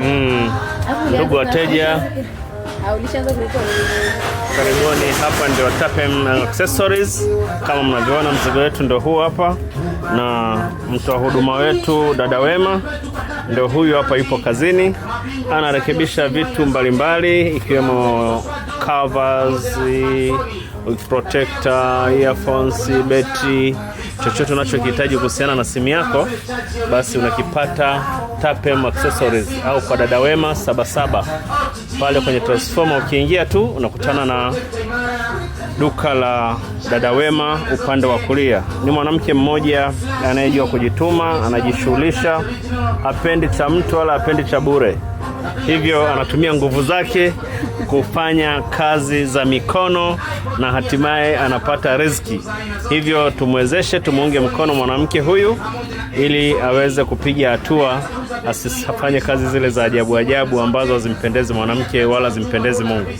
Mm. Ndugu wateja karibuni. Hapa ndio Tapem Accessories, kama mnavyoona mzigo wetu ndio huu hapa, na mtoa huduma wetu dada Wema ndio huyu hapa, yupo kazini, anarekebisha vitu mbalimbali mbali, ikiwemo covers, protector, earphones, beti chochote unachokihitaji kuhusiana na simu yako basi unakipata Tapem Accessories au kwa dada wema Sabasaba. Pale kwenye transformer ukiingia tu unakutana na duka la dada wema upande wa kulia. Ni mwanamke mmoja anayejua kujituma, anajishughulisha, apendi cha mtu wala apendi cha bure, hivyo anatumia nguvu zake kufanya kazi za mikono na hatimaye anapata riziki, hivyo tumwezeshe tu tumuunge mkono mwanamke huyu ili aweze kupiga hatua, asifanye kazi zile za ajabu ajabu ambazo zimpendezi mwanamke wala zimpendezi Mungu.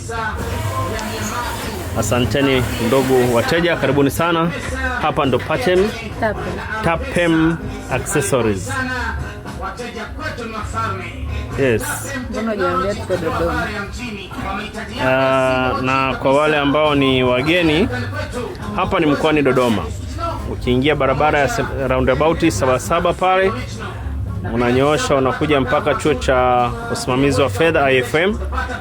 Asanteni ndugu wateja, karibuni sana. Hapa ndo Tapem, Tapem Accessories. Yes. Uh, na kwa wale ambao ni wageni hapa ni mkoani Dodoma ukiingia barabara ya roundabout Sabasaba pale unanyoosha unakuja mpaka chuo cha usimamizi wa fedha IFM,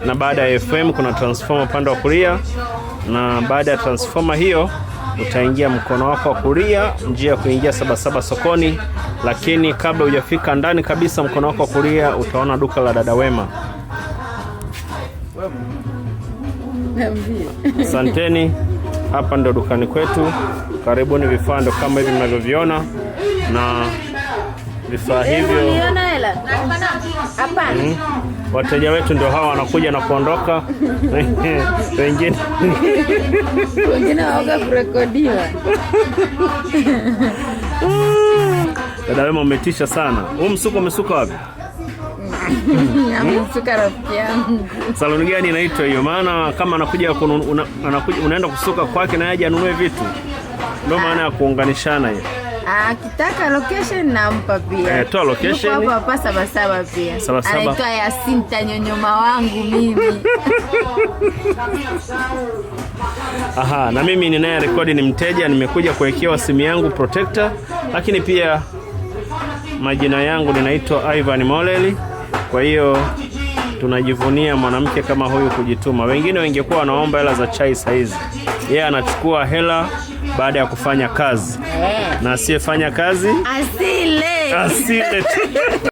na baada ya IFM kuna transformer upande wa kulia, na baada ya transformer hiyo utaingia mkono wako wa kulia, njia ya kuingia Sabasaba sokoni. Lakini kabla hujafika ndani kabisa, mkono wako wa kulia utaona duka la dada Wema. Asanteni. Hapa ndo dukani kwetu, karibuni. Vifaa ndo kama hivi mnavyoviona, na vifaa hivyo mm, wateja wetu ndio hawa wanakuja na kuondoka wengine wengine waoga kurekodiwa. Dada Wema, umetisha sana. Huu msuko umesuka wapi? amemsuka rafiki yangu. Saluni gani inaitwa hiyo? Maana kama anakuja una, anakuja unaenda kusuka kwake na aje anunue vitu, ndio maana ya kuunganishana hiyo. Ah, akitaka location nampa pia. Eh, toa location. Hapo hapa saba saba pia. Saba saba. Anaitwa Yasinta nyonyoma wangu mimi. Aha, na mimi ninaye rekodi ni mteja, nimekuja kuwekewa simu yangu protector, lakini pia majina yangu ninaitwa Ivan Moleli. Kwa hiyo tunajivunia mwanamke kama huyu kujituma. Wengine wengekuwa wanaomba hela za chai saizi, yeye anachukua hela baada ya kufanya kazi, eh. na asiyefanya kazi asile, asile.